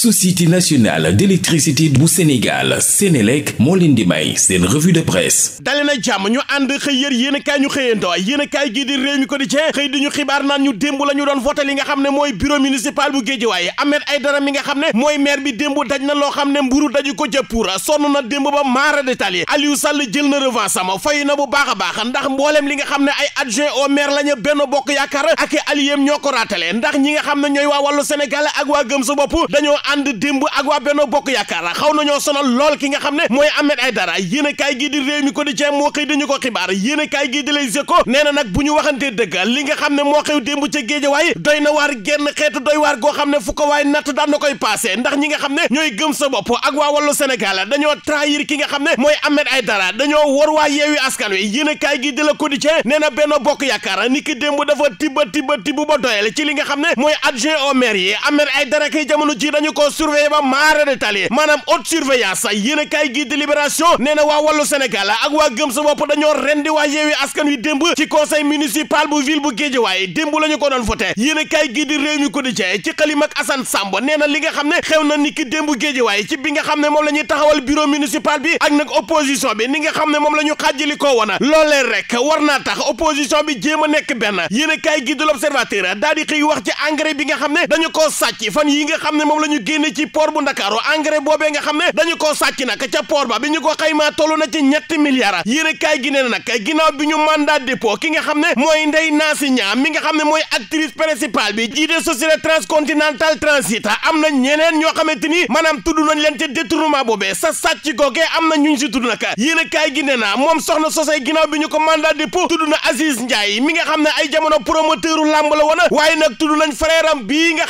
société nationale d'électricité bu Sénégal Sénélec moo leen di may seen revue de presse dali jàmm ñu ànd xëy yër yéen a kaay ñu xëyandoo yéen a kaay di réew mi quotidien xëy di xibaar naan ñu démb la ñu doon voté li nga xam ne mooy bureau municipal bu Guédiawaye Ahmed Aïdara mi nga xam ne mooy maire bi démb daj na loo xam ne mburu daju ko jëppour sonn na démb ba maara détal yi Aliou Sall jël na revanche sama fay na bu baax a baax ndax mbooleem li nga xam ne ay adjoint au la ñu benn bokk yaakaar ak aliyéem ñoo ko raatale ndax ñi nga xam ne ñooy waa wàllu Sénégal ak ànd démb ak waa Benno Bokk Yaakaar xaw na ñoo sonal lool ki nga xam ne mooy Ahmed ay yéen a kaay gii di réew mi quotidien moo xëy dañu ko xibaar yéen a kaay gii di Les Échos nee na nag bu ñu waxantee dëgg li nga xam ne moo xew démb ca Géejawaay doy na waar xeetu doy waar goo xam ne fu ko waay natt daan na koy passé ndax ñi nga xam ne ñooy gëm sa bopp ak waa wàllu Sénégal dañoo trahir ki nga xam ne mooy Ahmed Aïdara dañoo wor waa yeewi askan wi yéen kaay gii di la quotidien nee na benn Bokk Yaakaar ni ki démb dafa tibba tibba tibbu ba doyal ci li nga xam ne mooy adjoint au yi yi Ahmed Aïdara kay jamono ji dañu koo surveiller ba maara de tali maanaam haute surveillance a kaay gii di libération nee na waa wàllu Sénégal ak waa gëm sa bopp dañoo ren yeewi askan wi démb ci conseil municipal bu ville bu Guédiawaye démb la ko doon voté yéen a kaay gii di réew mi ko di jaay ci xalim ak Assane nee na li nga xam ne xew na ni ki démb Guédiawaye ci bi nga xam ne moom la ñuy taxawal bureau municipal bi ak nag opposition bi ni nga xam ne moom la ñu xàjjali koo woon loolee rek war naa tax opposition bi jéem a nekk benn yéen a kaay gii wax ci engrais bi nga xam ne dañu koo sàcc fan yi nga moom la génn ci port bu ndakaaru engrais boobee nga xam ne dañu koo sàcc nag ca port ba bi ñu ko xaymaa toll na ci ñetti milliards yéene kaay gi nee na bi ñu mandat dépôt ki nga xam ne mooy Ndeye Nacy Niang mi nga xam ne mooy actrice principale bi jiite société transcontinental transit am na ñeneen ñoo xamante ni maanaam tudd nañ leen ca détournement boobee sa sàcc googee am na ñu si tudd nag yéene kaay gi moom soxna sosay ginnaaw bi ñu ko mandat dépôt la woon waaye nag tudd nañ frère am bii nga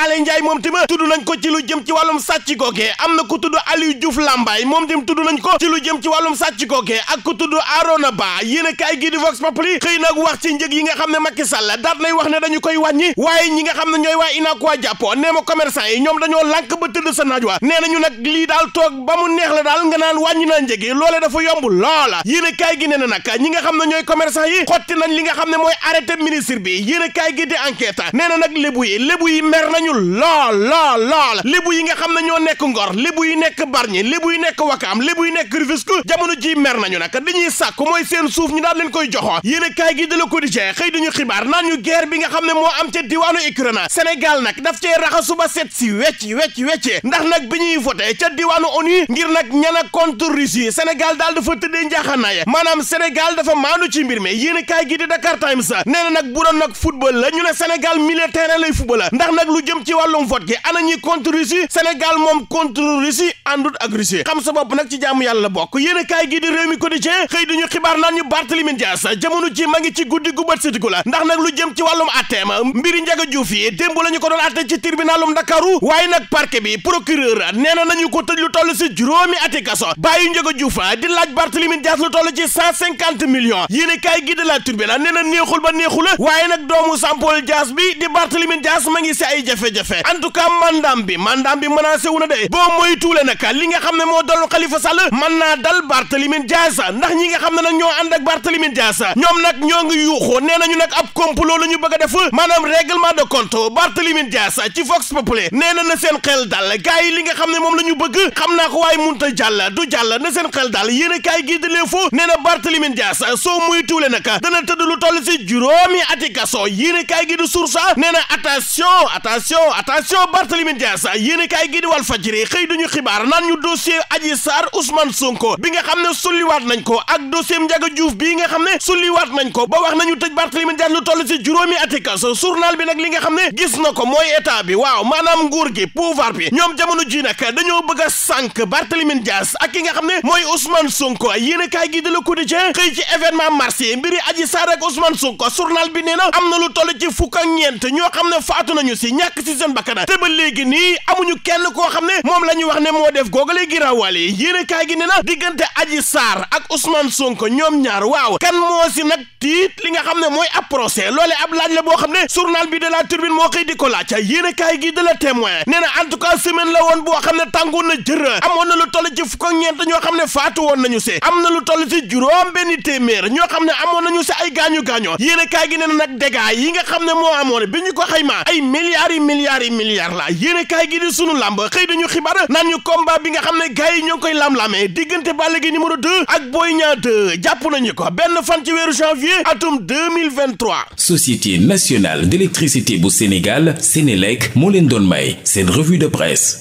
Aale Ndiaye moom tamit tudd nañ ko ci lu jëm ci wàllum sàcc googee am na ko tudd Aliou Diouf Lambaye moom tamit tudd nañ ko ci lu jëm ci wàllum sàcc googee ak ku tudd Arona Ba yéen a kaay gi di Vox Populi xëy nag wax ci njëg yi nga xam ne Macky Sall daat nay wax ne dañu koy wàññi waaye ñi nga xam ne ñooy waa inaakuwaa jàppo nee ma commerçant yi ñoom dañoo lànk ba tëdd sa naaj wa nee nañu nag lii daal toog ba mu neex la daal nga naan wàññi naa njëg yi loole dafa yomb loola yéen gi nee na nag ñi nga xam ne ñooy commerçant yi xotti nañ li nga xam ne mooy arrêté ministre bi yéen a kaay gi di enquête nag lébu yi lébu yi mer nañu lool lool lool lébu yi nga xam ne ñoo nekk ngor lébu yi nekk barñi lébu yi nekk am lébu yi nekk Rufisque jamono ji mer nañu nag dañuy sàkk mooy seen suuf ñu daal leen koy joxoo yéen a kaay gi de la Quotidien xëy dañu xibaar naan ñu guerre bi nga xam ne moo am ca diwaanu Ukraine Sénégal nag daf cee raxasu ba set si wecc wecc wecc ndax nag bi ñuy voté ca diwaanu ONU ngir nag ñan a contre Russie Sénégal daal dafa tëddee njaaxanaay maanaam Sénégal dafa maandu ci mbir mi yéen a kaay gi de Dakar Times nee na nag bu doon nag football la ñu ne Sénégal militaire lay football ndax jëm ci wàllum vote gi ana ñi contre Russie Sénégal moom contre Russie àndut ak Russie xam sa bopp nag ci jaamu yàlla bokk yéen a kaay gi di réew mi quotidien xëy duñu xibaar naan ñu Barthélémy Dias jamono ci ma ci guddi gu sitiku la ndax nag lu jëm ci wàllum atteem mbiri Ndiaga Diouf yi démb la ko doon atte ci tribunalum Ndakaaru waaye nag parquet bi procureur nee na nañu ko tëj lu toll si juróomi ati kaso bàyyi Ndiaga Diouf ah, di laaj Barthélémy Dias lu toll ci cent a kaay ah, ma ngi jafe-jafe en tout cas mandaam bi mandaam bi menacé wu na de boo mooy tuule nag li nga xam ne moo daloon Khalifa Sall mën naa dal Barthélémy Dias ndax ñi nga xam ne nag ñoo ànd ak Barthélémy Dias ñoom nag ñoo ngi yuuxoo nee nañu nag ab complot la ñu bëgg a def maanaam règlement de compte Barthélémy Dias ci Vox Populi nee na na seen xel dal gars yi li nga xam ne moom la ñu bëgg xam naa ko waaye munta jàll du jàll na seen xel dal yéen a kaay gii di nee na Barthélémy Dias lu toll si juróomi ati kaso yéen a kaay gi di attention attention Barthélémy yéenekaay gi di xëy duñu xibaar naan ñu dossier Adji Sarr Ousmane Sonko bi nga xam ne sulliwaat nañ ko ak dossier Ndiaga Diouf bii nga xam ne sulliwaat nañ ko ba wax nañu tëj Barthélémy Dias lu toll ci juróomi ati kaso bi nag li nga xam ne gis na ko mooy état bi waaw maanaam nguur gi pouvoir bi ñoom jamono ji nag dañoo bëgg a sànk Barthélémy Dias ak ki nga xam ne mooy Ousmane Sonko yéenekaay gi di Le Quotidien xëy ci événement marché mbiri ñàkk ci seen bakkan te léegi nii amuñu kenn koo xam ne moom la ñu wax ne moo def googale giraawaale yi yéen kaay gi ne na diggante Adji Sarr ak Ousmane Sonko ñoom ñaar waaw kan moo si nag tiit li nga xam ne mooy ab procès loolee ab laaj la boo xam ne journal bi de la Tribune moo xëy di ko laaj yéen kaay gi de la témoin nee na en semaine la woon boo xam ne tàngoon na jër amoon na lu toll ci fukk ak ñeent ñoo xam ne faatu woon nañu si am na lu toll ci juróom benn yi nga ne moo amoon ay milliards yi milliards la yéene kaay gi di sunu làmb xëy dañu xibaar naan ñu combat bi nga xam ne gars yi ñoo ngi koy lam-lamee diggante ba Gaye numéro de ak Boy Niang 2 jàpp nañu ko benn fan ci weeru janvier atum 2023. Société nationale d'électricité bu Sénégal Sénélec moo leen doon may seen revue de presse